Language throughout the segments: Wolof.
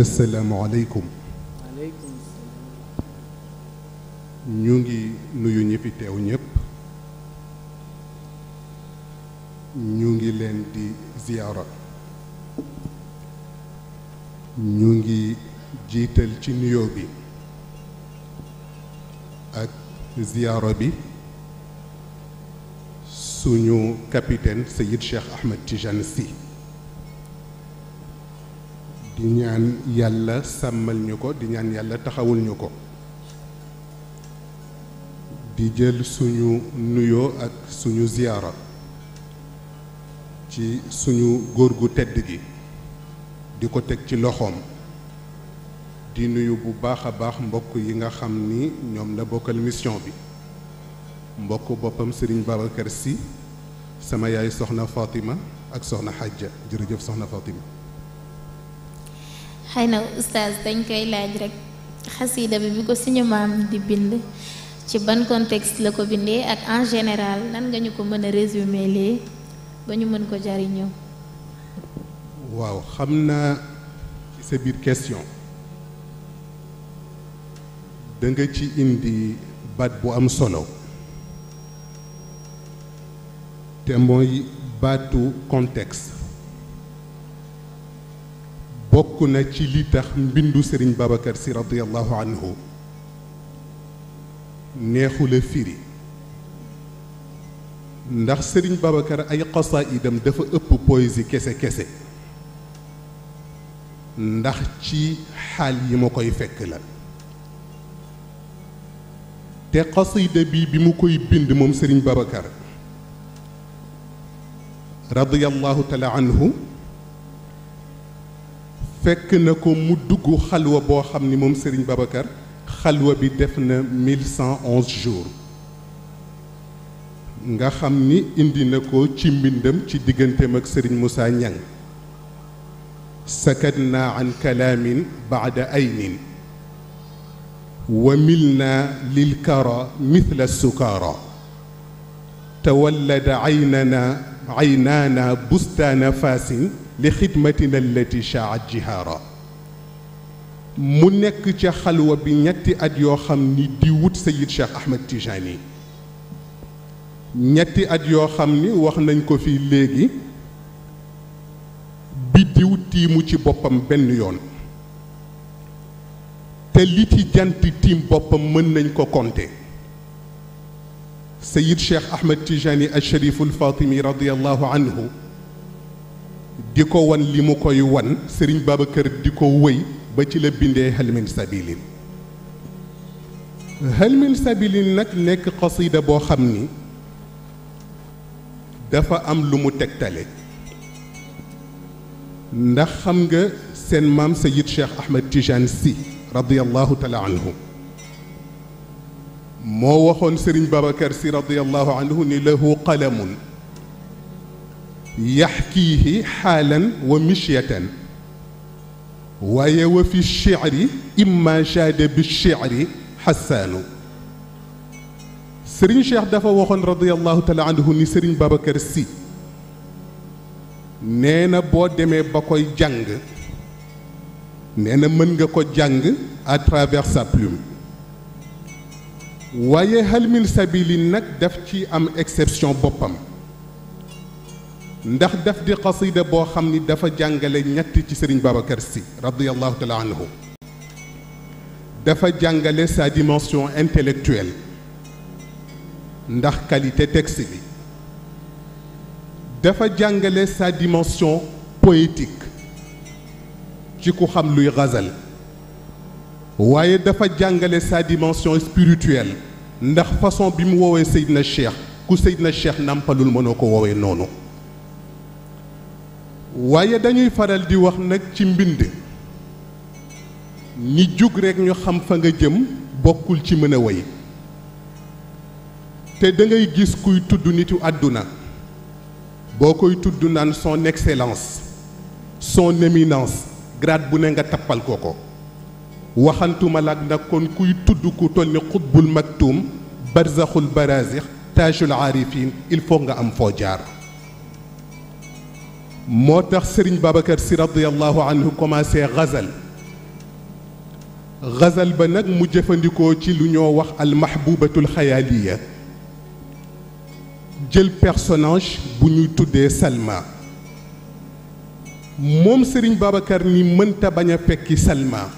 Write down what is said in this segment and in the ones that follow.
asalaamualeykum ñu ngi nuyu ñi fi teew ñëpp ñu ngi leen di ziyaara ñu ngi jiital ci nuyoo bi ak ziyaara bi suñu capitaine Seyid Cheikh Ahmed Tijane Sy di ñaan yàlla sàmmal ñu ko di ñaan yàlla taxawul ñu ko di jël suñu nuyoo ak suñu ziyaara ci suñu góor gu tedd gi di ko teg ci loxoom di nuyu bu baax a baax mbokk yi nga xam ni ñoom la bokkal mission bi mbokk boppam Serigne Babacar Sy sama yaay soxna Fatima ak soxna Xajja jërëjëf soxna Fatima xëy na oustaz dañ koy laaj rek xasiida bi bi ko suñu maam di bind ci ban contexte la ko bindee ak en général nan nga ñu ko mën a résumer lee ba ñu mën ko jariñoo waaw xam naa ci sa biir question da nga ci indi baat bu am solo te mooy baatu contexte bokk na ci li tax mbindu sëriñ Babacar si radiallahu anhu neexula firi ndax sëriñ Babacar ay xasaayidam dafa ëpp poésie kese kese ndax ci xaal yi ma koy fekk la te xasida bi bi mu koy bind moom sëriñ Babacar radiallahu taala anhu fekk na ko mu dugg xalwa boo xam ni moom sëriñ Babacar xalwa bi def na mille cent nga xam ni indi na ko ci mbindam ci digganteem ak sëriñ Moussa Niang sakatna an kalaamin baada aynin wa milna lil kara mithla sukara tawallada aynaana bustaana faasin li xidmatina allati shaat jihaara mu nekk ci xalwa bi ñetti at yoo xam ni di wut sayid Cheikh Ahmed Tijani ñetti at yoo xam ni wax nañ ko fi léegi biddiw tiimu ci boppam benn yoon te li ci jant tiim boppam mën nañ ko compter sayid Cheikh Ahmed Tijani al Shariful Fatimi radiyallahu anhu di ko won li mu koy wan sëriñ Babacar di ko wëy ba ci la bindee halmin sabilin halmin sabilin nag nekk xasida boo xam ni dafa am lu mu tegtale ndax xam nga seen maam Sayid Cheikh Ahmed Tijane si radiallahu taala anhu moo waxoon sëriñ Babacar si radiallahu anhu ni lahu qalamun yaxkiihi xaalan wa mishyatan waaye wa fi chicri imma shaada bi chicri xassaanu sëriñ cheikh dafa waxoon radiallahu taala anhu ni sëriñ babacar si nee na boo demee ba koy jàng nee na mën nga ko jàng à travers sa plume waaye hal min sabili nag daf ci am exception boppam ndax daf di xasida boo xam ni dafa jàngale ñett ci sëriñ Babacar Sy radiallahu taala anhu dafa jàngale sa dimension intellectuelle ndax qualité texte bi dafa jàngale sa dimension poétique ci ku xam luy xasal waaye dafa jàngale sa dimension spirituelle ndax façon bi mu woowee na Cheikh ku na Cheikh nàmpalul mënoo ko woowee noonu waaye dañuy faral di wax nag ci mbind ni jug rekk ñu xam fa nga jëm bokkul ci mën a woy te dangay gis kuy tudd nitu àdduna boo koy tudd naan son excellence son éminence grade bu ne nga tappal ko ko waxantuma laag nag kon kuy tudd ku toll ni xutbul maktuum barzaxul barazix taajul aarifin il faut nga am foo jaar moo tax sëriñ Babacar si radiallahu anhu commencé xazal xazal ba nag mu jëfandikoo ci lu ñoo wax almahbubatul xayaaliya jël personnage bu ñuy tuddee Salma moom sëriñ Babacar ni mënta bañ a fekki Salma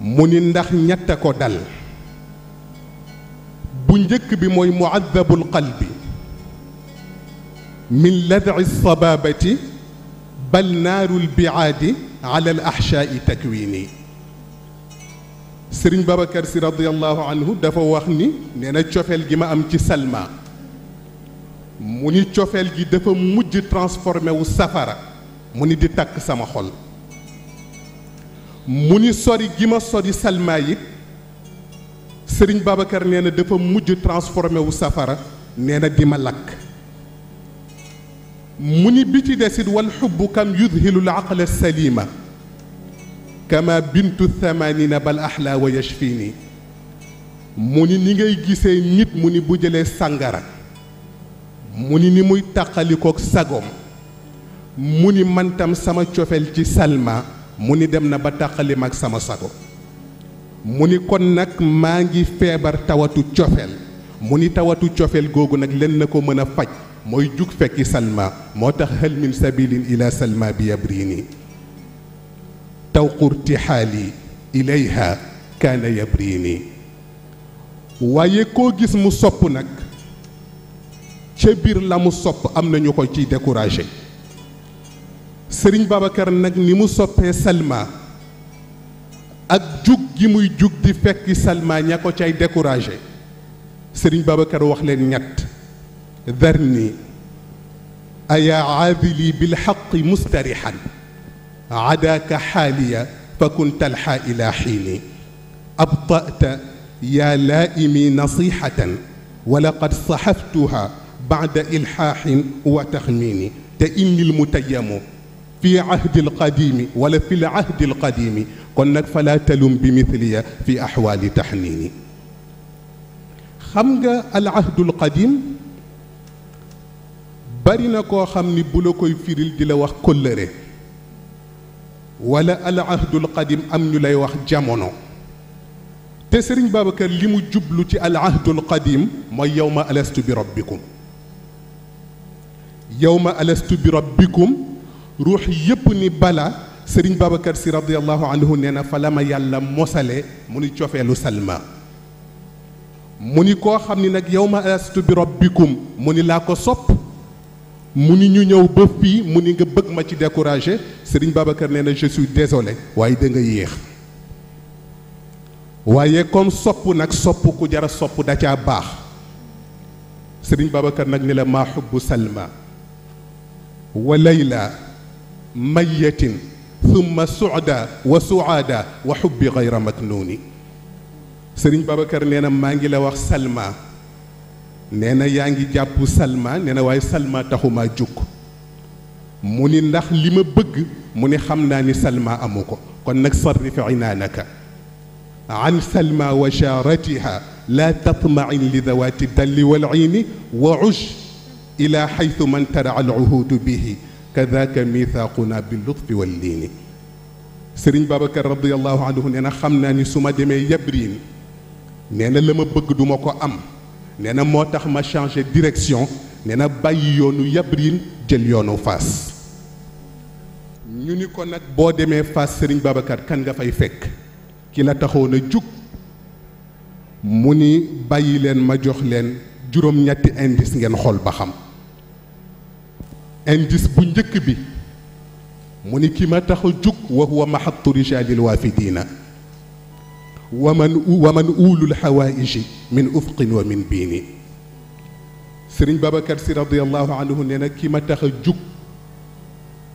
mu ni ndax ñett a ko dal bu njëkk bi mooy muaddabul qalbi min lad'i sababati bal naarul lbiaadi ala al ahshaai takwini sëriñ Babacar si radiallahu dafa wax ni nee na cofeel gi ma am ci Salma mu ni cofeel gi dafa mujj transformé wu safara mu ni di takk sama xol mu ni sori gi ma sori Salma yi sëriñ Babacar nee na dafa mujj transformé wu safara nee na di ma lakk mu ni bi ci desit wal xubbu kam yudhilu l aqla salima kama bintu thamanina bal ahla wa yashfi mu ni ni ngay gisee nit mu ni bu jëlee sàngara mu ni ni muy tàqalikook sagoom mu ni mantam sama cofeel ci salma mu ni dem na ba tàqalim ak sama sago mu ni kon nag maa ngi feebar tawatu cofeel mu ni tawatu cofeel googu nag len na ko mën a faj mooy jug fekki salma moo tax hal min sabilin ila salma bi yabrini tawqu irtixaali ilayha kaana yabrini waaye koo gis mu sopp nag ca biir la mu sopp am na ñu ko ci découragé sëriñ Babacar nag ni mu soppee salma ak jug gi muy jug di fekki salma ña ko cay découragé sëriñ Babacar wax leen ñett ذرني أيا عاذلي بالحق مسترحا عداك حاليا فكنت الحى إلى حيني أبطأت يا لائمي نصيحة ولقد صحفتها بعد إلحاح وتخمين تئني المتيم في عهد القديم ولا في العهد القديم قلنك فلا تلم بمثلي في أحوال تحنيني خمج العهد القديم bari na koo xam ni bu la koy firil di la wax kóllëre wala al ahdul qadim am ñu lay wax jamono te sëriñ Babacar li mu jublu ci al ahdul mooy yawma alastu bi rabbikum yawma alastu bi rabbikum ruux yépp ni bala sëriñ Babacar si radiallahu anhu nee na fa la ma yàlla mosale mu ni cofeelu salma mu ni koo xam ni nag yawma alastu bi rabbikum mu ni laa ko sopp mu ni ñu ñëw ba fii mu ni nga bëgg ma ci découragé Serigne Babacar nee na je suis désolé waaye da yéex waaye comme sopp nag sopp ku jara sopp da caa baax Serigne Babacar nag ni la maa xubbu salma wa layla mayatin thumma suda wa suada wa xubbi gayra maknuni Serigne Babacar nee na maa ngi la wax salma nee na yaa ngi jàpp Salma nee na waaye Salma taxumaa jóg mu ni ndax li ma bëgg mu ni xam naa ni Salma amu ko kon nag sarrif inaanaka an Salma wa shaaratiha laa tatmain li dawaati dalli wal iini wa ush ila xaytu man tara al uhudu bihi kadaka mithaaquna bi lutfi wal liini sëriñ Babacar radiallahu anhu nee xam naa ni su ma demee yabriin nee na la ma bëgg duma ko am nee na moo tax ma changé direction nee na bàyyi yoonu yabrin jël yoonu Fass ñu ni ko nag boo demee Fass Serigne Babacar kan nga fay fekk ki la taxoon a jug mu ni bàyyi leen ma jox leen juróom-ñetti indice ngeen xool ba xam indice bu njëkk bi mu ni ki ma tax a jug wa huwa mahattu rijalil waafidiina wa man wa man uulul xawaaiji min ufqin wa min biini sëriñ Babacar si radiallahu anhu nee na ki ma tax a jug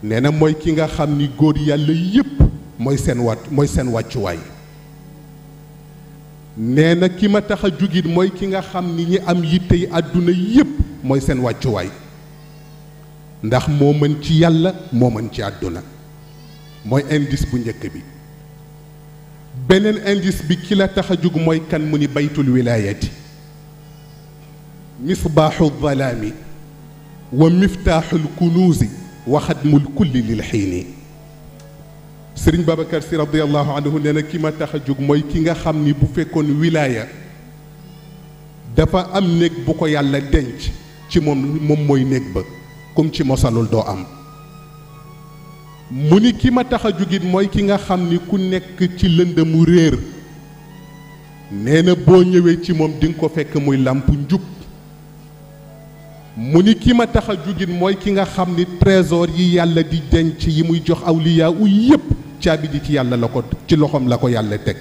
nee na mooy ki nga xam ni góor yàlla yépp mooy seen wàcc mooy seen wàccuwaay nee na ki ma tax a jugit mooy ki nga xam ni ñi am yittey àdduna yépp mooy seen wàccuwaay ndax moo mën ci yàlla moo mën ci àdduna mooy indice bu njëkk bi beneen indice bi ki la tax a jóg mooy kan mu ni baytul wilaayati misbaaxu dalaami wa miftaaxul kunuusi wa xadmul kulli lil xiini sëriñ Babacar si radiallahu anhu nee na ki ma tax a jóg mooy ki nga xam ni bu fekkoon wilaaya dafa am néeg bu ko yàlla denc ci moom moom mooy néeg ba kum ci mosalul doo am mu ni kii ma tax a jugit mooy ki nga xam ni ku nekk ci lëndëmu réer nee na boo ñëwee ci moom dinga ko fekk muy làmp njub mu ni kii ma tax a jugit mooy ki nga xam ni trésor yi yàlla di denc yi muy jox awliyaa u yépp caabi ji ci yàlla la ko ci loxoom la ko yàlla teg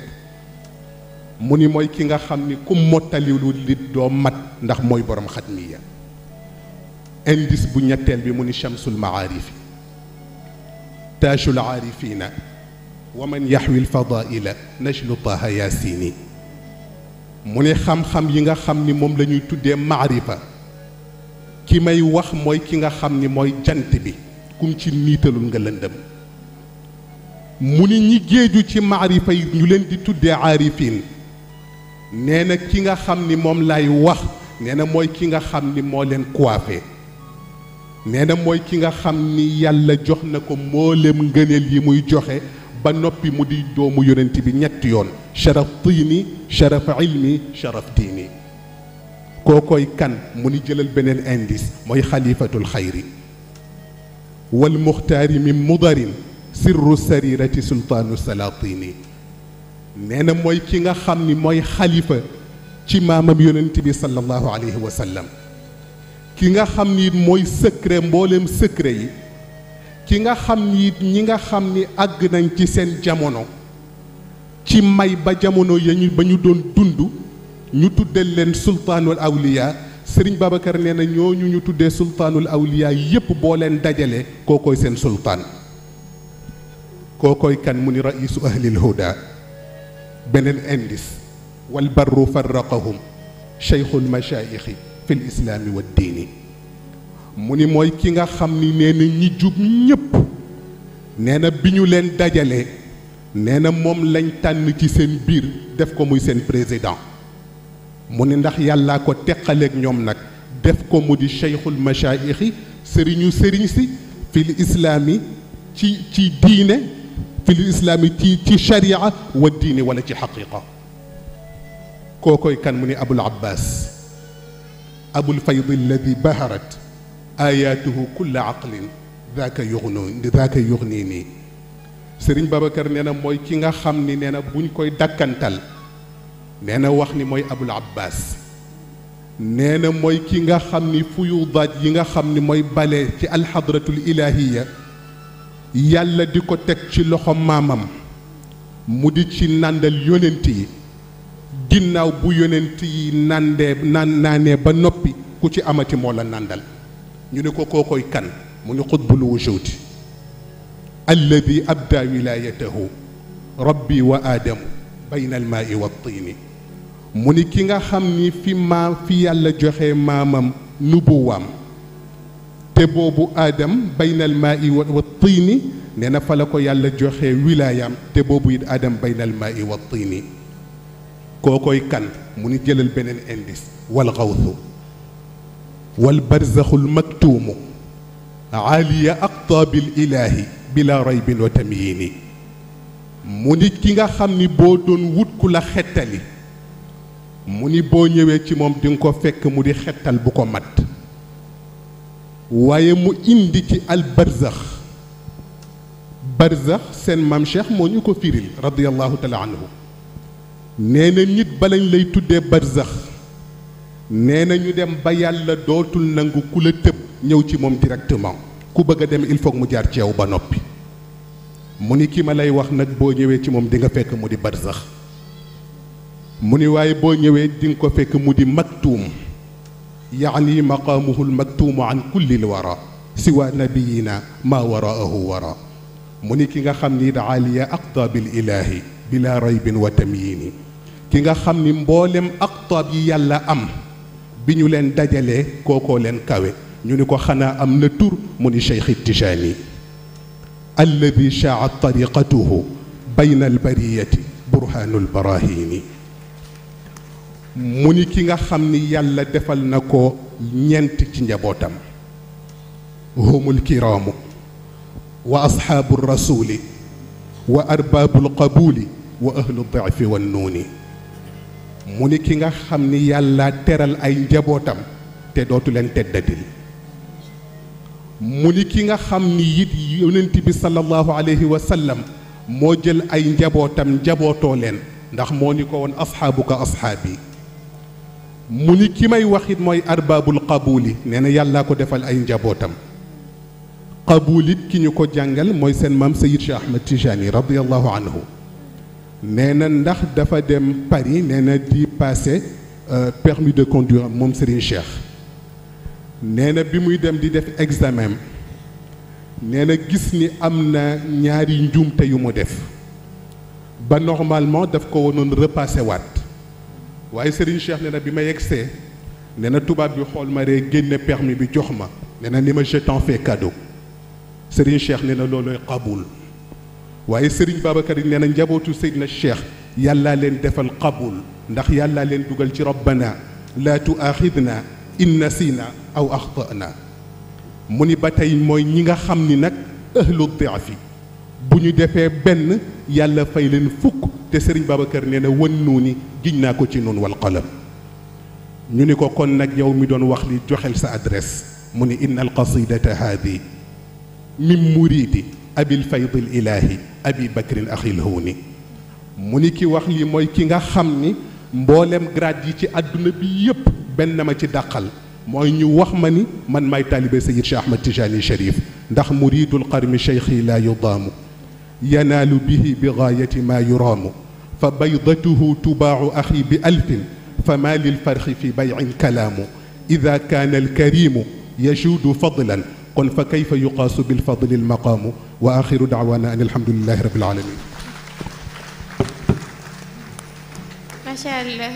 mu ni mooy ki nga xam ni ku mottaliwul li doo mat ndax mooy boroom borom xatmiya indice bu ñetteel bi mu ni chamsul maarifi taajul aarifina wa man yaxwi alfadaila najlu taha yaasini mu ne xam-xam yi nga xam ni moom la ñuy tuddee maarifa ki may wax mooy ki nga xam ni mooy jant bi kum ci niitalul nga lëndëm mu ni ñi géeju ci maarifa yi ñu leen di tuddee aarifin nee na ki nga xam ni moom lay wax nee na mooy ki nga xam ni moo leen coiffé nee na mooy ki nga xam ni yàlla jox na ko moo mboolem ngëneel yi muy joxe ba noppi mu di doomu yonent bi ñetti yoon sharaf tiini sharaf ilmi sharaf koo koy kan mu ni jëlal beneen indice mooy xalifatul xayri wal muxtaari min mudarin sirru sarirati sultaanu salaatini nee na mooy ki nga xam ni mooy xalifa ci maamam yonent bi sallallahu alayhi wa sallam ki nga xam ni mooy secret mbooleem secret yi ki nga xam ni ñi nga xam ni àgg nañ ci seen jamono ci may ba jamono ya ñu ba ñu doon dund ñu tuddeel leen sultaanul awliya sëriñ Babacar nee na ñooñu ñu tuddee sultaanul awliya yépp boo leen dajale koo koy seen sultaan koo koy kan mu ni raisu ahlil huda beneen indice wal barru farraqahum cheikhul machaayixi fil islaami wa diini mu ni mooy ki nga xam ni nee na ñi jub ñépp nee na bi ñu leen dajalee nee na moom lañ tànn ci seen biir def ko muy seen président mu ni ndax yàllaa ko teqaleek ñoom nag def ko mu di cheikhul machaayixi sëriñu sëriñ si fil islaami ci ci diine fil islaami ci ci sharia wa diini wala ci xaqiqa kookoy kan mu ni abul abbas abul fayd alladi baharat ayaatuhu kulla aqlin daaka yuxnu daaka yuxni nii sëriñ babacar nee na mooy ki nga xam ni nee na buñ koy dakkantal nee na wax ni mooy abul abbas nee na mooy ki nga xam ni fuyudaat yi nga xam ni mooy bale ci alxadratul ilaahiya yàlla di ko teg ci loxo maamam mu di ci nàndal yonent yi ginnaaw bu yonent yi nandee naan naanee ba noppi ku ci amati moo la nàndal ñu ne ko koy kan mu ni xutbul wujudi alladi abda wilayatahu rabbi wa aadamu bayna almaai wa tiini mu ni ki nga xam ni fi maa fi yàlla joxe maamam nubuwaam te boobu aadam bayna almaai wa tiini nee na fa la ko yàlla joxe wilaayaam te boobu it aadam bayna almaai wa tiini kookooy kan mu ni jëlal beneen indice wal xawsu wal barzaxul maktuumu aaliya aqtaabil ilaahi bila raybin wa tamyiini mu ni ki nga xam ni boo doon wut ku la xettali mu ni boo ñëwee ci moom di nga ko fekk mu di xettal bu ko mat waaye mu indi ci al barzax seen maam cheikh moo ñu ko firil radiallahu taala anhu nee na nit balañ lay tuddee barzax nee na ñu dem ba yàlla dootul nangu ku la tëb ñëw ci moom directement ku bëgg a dem il foog mu jaar ci ba noppi mu ni kii ma lay wax nag boo ñëwee ci moom di nga fekk mu di barzax mu ni waaye boo ñëwee di ko fekk mu di maktuum yaani maqaamuhu lmaktuumu an kulli lwara siwa nabiyina maa waraahu wara mu ni ki nga xam ni daaliya aqta bil ilaahi bila raybin wa tamyiini ki nga xam ni mboolem aqtaab yi yàlla am bi ñu leen dajalee kookoo leen kawe ñu ni ko xanaa am na tur mu ni cheikhi tijaani alladi shaa tariqatuhu bayna albariyati burhaanu lbarahiini mu ni ki nga xam ni yàlla defal na ko ñeent ci njabootam humul kiraamu wa asxaabu rasuli wa arbaabu lqabuli wa ahlu daafi wan nuuni mu ni ki nga xam ni yàlla teral ay njabootam te dootu leen teddatil mu ni ki nga xam ni it yonent bi sallallahu alayhi wa sallam moo jël ay njabootam njabootoo leen ndax moo ni ko woon asxaabuka asxaabi mu ni ki may wax it mooy arbaabul qabuuli nee na yàllaa ko defal ay njabootam qabuul it ki ñu ko jàngal mooy seen maam sayid Cheikh Ahmed Tijani radiallahu anhu nee na ndax dafa dem Paris nee na di passé euh, permis de conduire moom Serigne Cheikh nee na bi muy dem di def examen nee na gis ni am na ñaari te yu mu def ba normalement daf ko wanoon repassé waat waaye Serigne Cheikh nee bi ma yegsee nee na tubaab bi xool ma ree génne permis bi jox ma nee na ni ma je t'en fais cadeau Serigne Cheikh nee na loolooy xabul waaye sëriñ Babacar yi nee na njabootu Seydina Cheikh yàllaa leen defal qabul ndax yàllaa leen dugal ci rabbana laa tuaaxidna in nasina aw axtana mu ni ba tey mooy ñi nga xam ni nag ahlu diafi bu ñu defee benn yàlla fay leen fukk te sëriñ Babacar nee na wan nuuni giñ naa ko ci noonu wal qalam ñu ni ko kon nag yow mi doon wax li joxel sa adresse mu ni inna alqasidata haadi min muridi abil faydil ilaahi abi bakrin axil hawni mu ni ki wax lii mooy ki nga xam ni mboolem grade yi ci àdduna bi yépp benn ma ci dàqal mooy ñu wax ma ni man maay taalibe sayid cheikh ahmad tijani sharif ndax muridul qarmi cheikhi laa yudaamu yanaalu bihi bi gaayati maa yuraamu fa baydatuhu tubaacu axi bi alfin fa maa lil farxi fi baycin kalaamu ida kaana alkarimu yajuudu fadlan qul fa kayfa yuqaasu bilfadli almaqaamu wa axiru daawaana an alhamdulilahi rabil alamin macha allah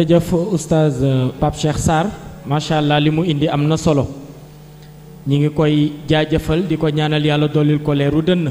euh, Cheikh Sarr macha allah li mu indi am na solo ñi ngi koy jaajëfal di ko ñaanal yàlla dollil ko leeru dënn